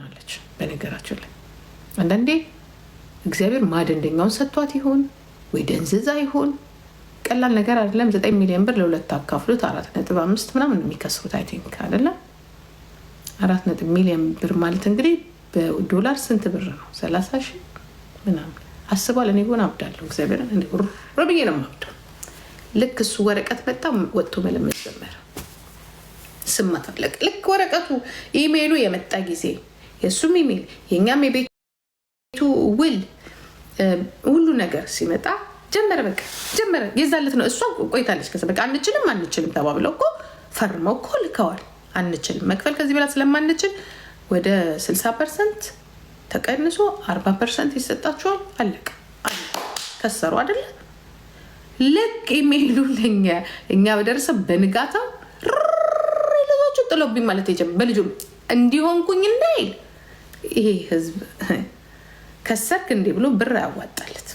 ናለች። በነገራችን ላይ አንዳንዴ እግዚአብሔር ማደንደኛውን ሰጥቷት ይሆን ወይ ደንዝዛ ይሆን? ቀላል ነገር አይደለም። ዘጠኝ ሚሊዮን ብር ለሁለት አካፍሉት አራት ነጥብ አምስት ምናምን የሚከስሩት አይ ቲንክ አይደለም አራት ነጥብ ሚሊዮን ብር ማለት እንግዲህ በዶላር ስንት ብር ነው? ሰላሳ ሺ ምናምን አስቧል። እኔ ጎን አብዳለሁ። እግዚአብሔር ብዬ ነው የማብደው። ልክ እሱ ወረቀት መጣ ወጥቶ መለመድ ጀመረ። ስም ልክ ወረቀቱ ኢሜይሉ የመጣ ጊዜ የእሱም ኢሜል የእኛም የቤቱ ውል ሁሉ ነገር ሲመጣ ጀመረ በቃ ጀመረ። የዛለት ነው እሷ ቆይታለች። ከዛ በቃ አንችልም አንችልም ተባብለው እኮ ፈርመው እኮ ልከዋል። አንችልም መክፈል ከዚህ በላ ስለማንችል ወደ 60 ፐርሰንት ተቀንሶ 40 ፐርሰንት ይሰጣቸዋል። አለቀ። ከሰሩ አደለ ልክ ኢሜይሉ ለኛ እኛ በደረሰ በንጋታው ልጆቹ ጥሎብኝ ማለት የጀመረ በልጁ እንዲሆንኩኝ እንዳይል ይሄ ህዝብ ከሰርክ እንዲህ ብሎ ብር ያዋጣለት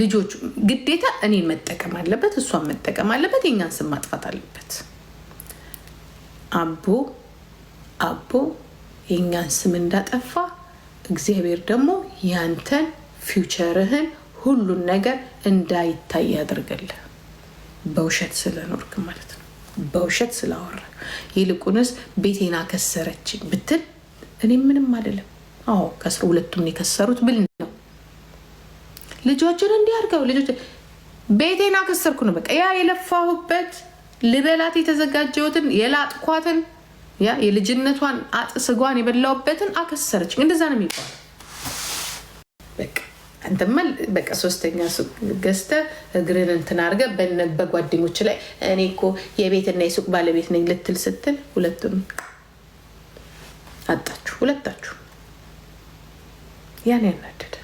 ልጆቹ ግዴታ እኔን መጠቀም አለበት፣ እሷን መጠቀም አለበት፣ የኛን ስም ማጥፋት አለበት። አቦ አቦ የኛን ስም እንዳጠፋ እግዚአብሔር ደግሞ ያንተን ፊውቸርህን ሁሉን ነገር እንዳይታይ ያደርግልህ። በውሸት ስለኖርክ ማለት ነው። በውሸት ስላወራ ይልቁንስ ቤቴና ከሰረች ብትል እኔም ምንም አይደለም። አዎ ከስር ሁለቱም የከሰሩት ብል ነው። ልጆችን እንዲያርገው ልጆች ቤቴን አከሰርኩ ነው በቃ ያ የለፋሁበት ልበላት የተዘጋጀሁትን የላጥኳትን ያ የልጅነቷን አጥ ስጓን የበላሁበትን አከሰረች። እንደዛ ነው የሚባለው። አንተማ በቃ ሶስተኛ ሱቅ ገዝተ እግርን እንትን አድርገህ በጓደኞች ላይ እኔ እኮ የቤትና የሱቅ ባለቤት ነኝ ልትል ስትል ሁለቱም አጣችሁ ሁለታችሁ። ያን ያናደደ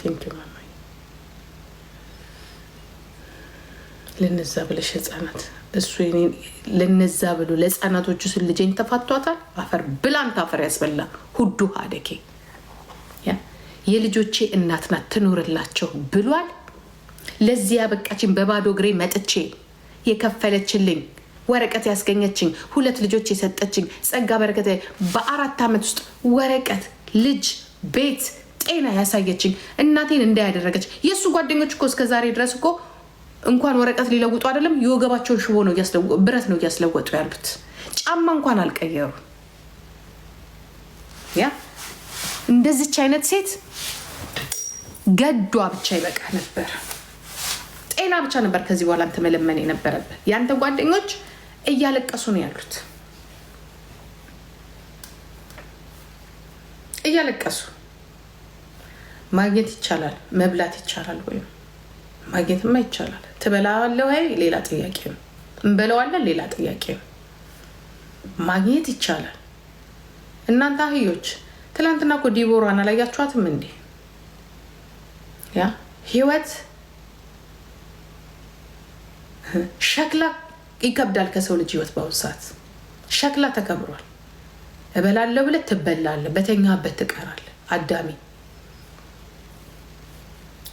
ቴንኪው ማማዬ ለነዛ ብለሽ ህጻናት እሱ ለነዛ ብሎ ለህፃናቶቹ ስል ልጄን ተፋቷታል። አፈር ብላን አፈር ያስበላ ሁዱ አደኬ የልጆቼ እናት ናት ትኖርላቸው ብሏል። ለዚያ በቃችን በባዶ እግሬ መጥቼ የከፈለችልኝ ወረቀት ያስገኘችኝ ሁለት ልጆች የሰጠችኝ ጸጋ በረከት በአራት ዓመት ውስጥ ወረቀት፣ ልጅ፣ ቤት፣ ጤና ያሳየችኝ እናቴን እንዳያደረገች የእሱ ጓደኞች እኮ እስከዛሬ ድረስ እኮ እንኳን ወረቀት ሊለውጡ አይደለም የወገባቸውን ሽቦ ነው ብረት ነው እያስለወጡ ያሉት። ጫማ እንኳን አልቀየሩ። ያ እንደዚች አይነት ሴት ገዷ ብቻ ይበቃ ነበር። ጤና ብቻ ነበር ከዚህ በኋላ ተመለመን የነበረብህ። ያንተ ጓደኞች እያለቀሱ ነው ያሉት፣ እያለቀሱ ማግኘት ይቻላል፣ መብላት ይቻላል ወይም ማግኘትማ ይቻላል። ትበላለ ወይ ሌላ ጥያቄ ነው። እንበለዋለን ሌላ ጥያቄ ነው። ማግኘት ይቻላል። እናንተ አህዮች፣ ትናንትና እኮ ዲቦራን አላያችኋትም እንዴ? ያ ህይወት ሸክላ ይከብዳል ከሰው ልጅ ህይወት። በአሁኑ ሰዓት ሸክላ ተከብሯል። እበላለሁ ብለህ ትበላለህ፣ በተኛበት ትቀራለህ። አዳሚ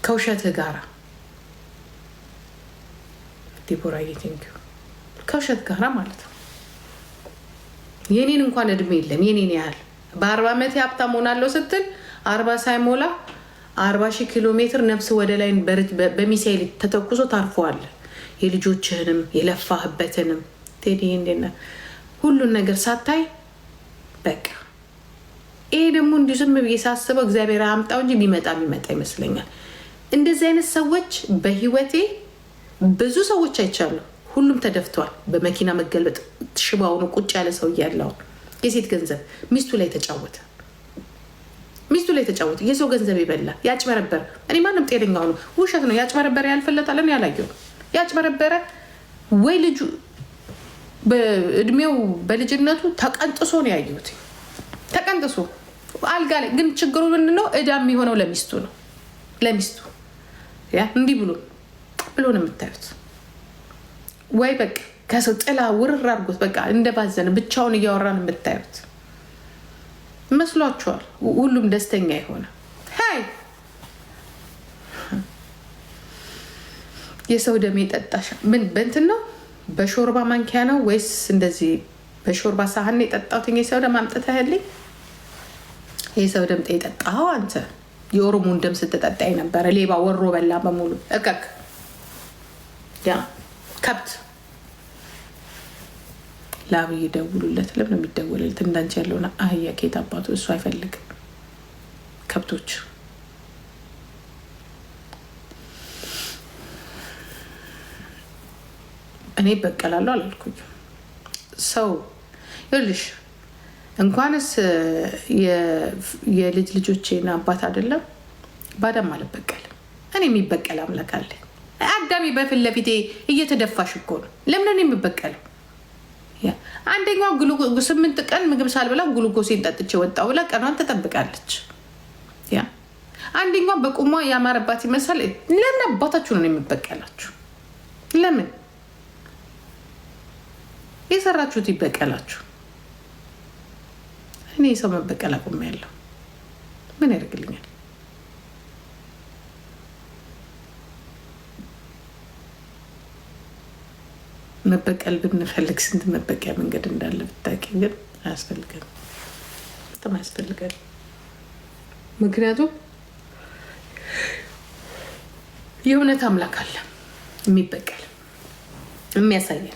ከውሸትህ ጋራ ዲቦራ ቲንክ ከውሸት ጋራ ማለት ነው። የኔን እንኳን እድሜ የለም የኔን ያህል በአርባ ዓመት ሀብታም ሆናለሁ ስትል አርባ ሳይሞላ አርባ ሺህ ኪሎ ሜትር ነፍስ ወደ ላይ በሚሳይል ተተኩሶ ታርፈዋለን። የልጆችህንም የለፋህበትንም ቴዲ እንዴነ ሁሉን ነገር ሳታይ በቃ ይሄ ደግሞ እንዲሁ ዝም ብዬ ሳስበው እግዚአብሔር አምጣው እንጂ ሊመጣ የሚመጣ ይመስለኛል። እንደዚህ አይነት ሰዎች በህይወቴ ብዙ ሰዎች አይቻሉ። ሁሉም ተደፍተዋል። በመኪና መገልበጥ ሽባ ቁጭ ያለ ሰው እያለው የሴት ገንዘብ ሚስቱ ላይ ተጫወተ፣ ሚስቱ ላይ ተጫወተ። የሰው ገንዘብ ይበላ ያጭበረበር። እኔ ማንም ጤነኛ ሆኖ ውሸት ነው ያጭበረበር ያልፈለጣለን ያላየው ነው ያጭበረበረ ወይ ልጁ እድሜው በልጅነቱ ተቀንጥሶ ነው ያየሁት። ተቀንጥሶ አልጋ ላይ ግን ችግሩ ምንድነው ነው? እዳ የሚሆነው ለሚስቱ ነው። ለሚስቱ ያ እንዲህ ብሎ ብሎ ነው የምታዩት። ወይ በቃ ከሰው ጥላ ውርር አድርጎት በቃ እንደባዘነ ብቻውን እያወራ ነው የምታዩት። መስሏቸዋል ሁሉም ደስተኛ የሆነ የሰው ደሜ የጠጣሽ ምን በእንትን ነው በሾርባ ማንኪያ ነው ወይስ እንደዚህ በሾርባ ሳህን የጠጣሁት? የሰው ደም አምጥተህልኝ የሰው ደም የጠጣኸው አንተ። የኦሮሞን ደም ስትጠጣ ነበረ። ሌባ ወሮ በላ በሙሉ እቀቅ ያ ከብት ለአብይ እየደውሉለት ለምን የሚደወልለት? እንዳንቺ ያለውን አህያ ኬት አባቱ እሱ አይፈልግም ከብቶች እኔ ይበቀላሉ አላልኩኝ። ሰው ይልሽ እንኳንስ የልጅ ልጆቼን አባት አይደለም ባዳም አልበቀልም። እኔ የሚበቀል አምላክ አዳሚ አዳሜ በፊት ለፊቴ እየተደፋሽ እኮ ነው። ለምን ነው የሚበቀለው? አንደኛ ስምንት ቀን ምግብ ሳልበላ ጉልጎሴን ጠጥቼ ወጣሁ ብላ ቀኗን ተጠብቃለች። አንደኛ በቁሟ ያማረባት ይመስላል። ለምን አባታችሁ ነው የሚበቀላችሁ? ለምን የሰራችሁት ይበቀላችሁ። እኔ የሰው መበቀል አቁሜያለሁ። ምን ያደርግልኛል? መበቀል ብንፈልግ ስንት መበቂያ መንገድ እንዳለ ብታውቂ፣ ግን አያስፈልገን፣ በጣም አያስፈልገን። ምክንያቱም የእውነት አምላክ አለ የሚበቀል የሚያሳየን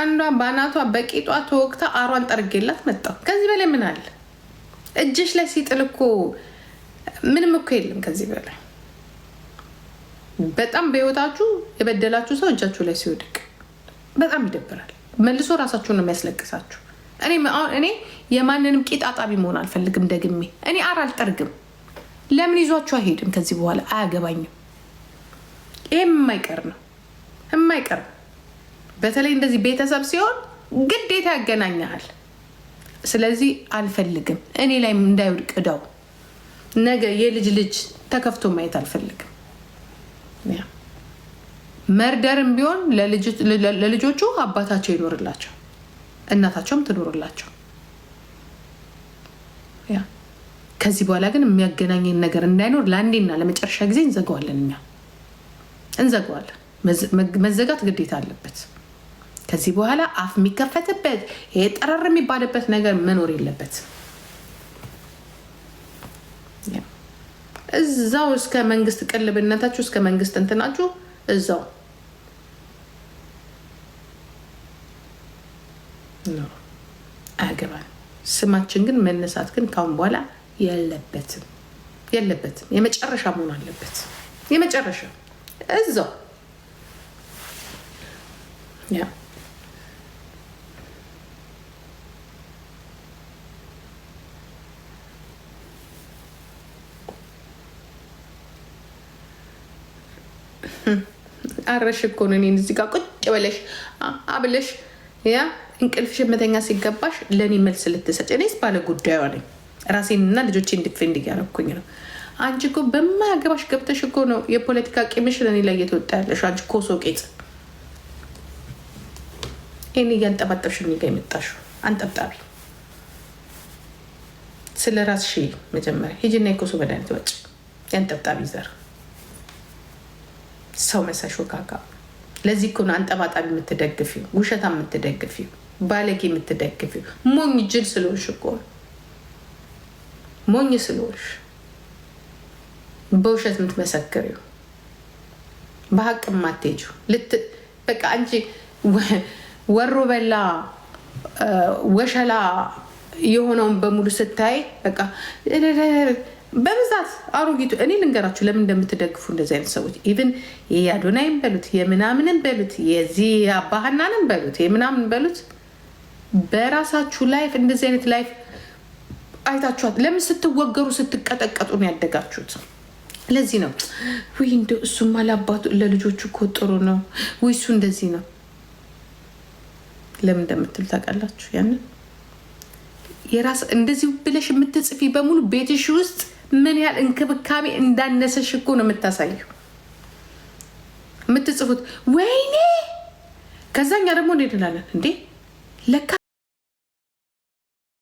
አንዷ በአናቷ በቂጧ ተወቅታ አሯን ጠርጌላት መጣሁ። ከዚህ በላይ ምን አለ? እጅሽ ላይ ሲጥል እኮ ምንም እኮ የለም ከዚህ በላይ በጣም በህይወታችሁ የበደላችሁ ሰው እጃችሁ ላይ ሲወድቅ በጣም ይደብራል። መልሶ ራሳችሁን ነው የሚያስለቅሳችሁ። እኔ የማንንም ቂጥ አጣቢ መሆን አልፈልግም። ደግሜ እኔ አር አልጠርግም። ለምን ይዟችሁ አይሄድም? ከዚህ በኋላ አያገባኝም። ይህም የማይቀር ነው የማይቀር ነው። በተለይ እንደዚህ ቤተሰብ ሲሆን ግዴታ ያገናኛል። ስለዚህ አልፈልግም፣ እኔ ላይ እንዳይወድቅ እዳው ነገ የልጅ ልጅ ተከፍቶ ማየት አልፈልግም። መርደርም ቢሆን ለልጆቹ አባታቸው ይኖርላቸው፣ እናታቸውም ትኖርላቸው። ከዚህ በኋላ ግን የሚያገናኘን ነገር እንዳይኖር ለአንዴና ለመጨረሻ ጊዜ እንዘጋዋለን። እኛ እንዘጋዋለን። መዘጋት ግዴታ አለበት። ከዚህ በኋላ አፍ የሚከፈትበት ይሄ ጠረር የሚባልበት ነገር መኖር የለበትም። እዛው እስከ መንግስት ቅልብነታችሁ እስከ መንግስት እንትናችሁ እዛው አያገባን። ስማችን ግን መነሳት ግን ካሁን በኋላ የለበትም የለበትም። የመጨረሻ መሆን አለበት። የመጨረሻ እዛው እየጣረሽ እኮ ነው እኔን እዚህ ጋር ቁጭ ብለሽ አብለሽ ያ እንቅልፍሽ መተኛ ሲገባሽ ለእኔ መልስ ልትሰጭ። እኔስ ባለ ጉዳዩ ነኝ። ራሴንና ልጆቼ እንዲፌንድ እያደረኩኝ ነው። አንቺ እኮ በማያገባሽ ገብተሽ እኮ ነው የፖለቲካ ቂምሽ ለእኔ ላይ እየተወጣ ያለሽ። አንቺ ኮሶ ቄጽ ይህን እያንጠባጠብሽ እኔ ጋ የመጣሽው አንጠብጣቢ። ስለ ራስሽ መጀመሪያ ሂጂና የኮሶ መድኃኒት ወጭ ያንጠብጣቢ ዘር ሰው መሳሽ ወካካ። ለዚህ እኮ ነው አንጠባጣቢ የምትደግፊው፣ ውሸታ የምትደግፊው፣ ባለጌ የምትደግፊው። ሞኝ ጅል ስለሆንሽ እኮ ሞኝ ስለሆንሽ በውሸት የምትመሰክሪው፣ በሀቅ የማትሄጂው። በቃ አንቺ ወሮ በላ ወሸላ የሆነውን በሙሉ ስታይ በቃ በብዛት አሮጊቱ እኔ ልንገራችሁ ለምን እንደምትደግፉ እንደዚህ አይነት ሰዎች ኢቭን የአዶናይን በሉት የምናምንን በሉት የዚህ አባህናንን በሉት የምናምን በሉት በራሳችሁ ላይፍ እንደዚህ አይነት ላይፍ አይታችኋት ለምን ስትወገሩ ስትቀጠቀጡ ነው ያደጋችሁት። ለዚህ ነው ውይ እንደ እሱማ ለአባቱ ለልጆቹ እኮ ጥሩ ነው ውይ እሱ እንደዚህ ነው ለምን እንደምትል ታውቃላችሁ። ያንን የራስ እንደዚህ ብለሽ የምትጽፊ በሙሉ ቤትሽ ውስጥ ምን ያህል እንክብካቤ እንዳነሰሽ እኮ ነው የምታሳየው የምትጽፉት። ወይኔ ከዛኛ ደግሞ እንሄድናለን እንዴ ለካ